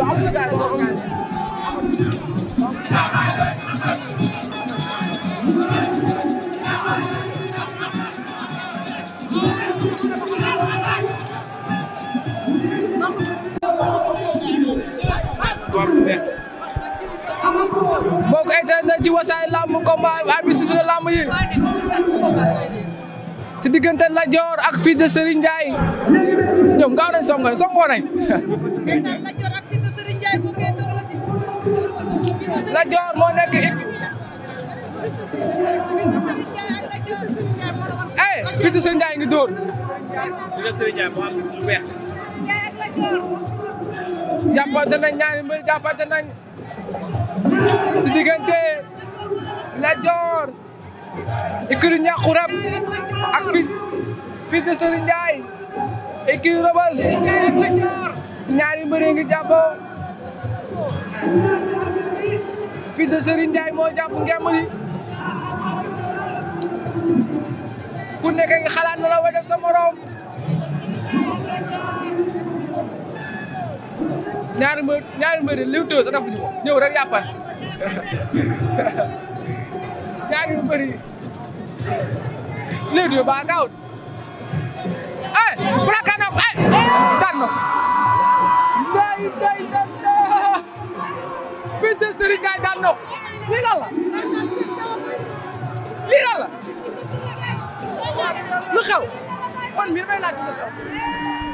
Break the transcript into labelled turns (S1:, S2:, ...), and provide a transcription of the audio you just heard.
S1: mbokk internet ci wasaay lamb combat arbitre sifflé na lamb yi si diggante Lat Dior ak fils de Serigne ñoom gaaw nañ song songoo nañ. Lat Dior moo nekk it. eh fii ngi dóor. jàppante nañ ñaari mbir jàppante nañ ci diggante Lat Dior ikiri ak fils fils équipe Rebeuss ñaari mbër yi ngi jàppoo fils de Serigne moo jàpp ngemb li ku nekk nga xalaat na la wa def sa morom ñaari mbër ñaari mbër liw sa defuñu ñaari mbër yi liw tëw baa gaawut ilaaha illallah fils de Serigne Ndiaye daan na ko lii lan la lii lan la lu xew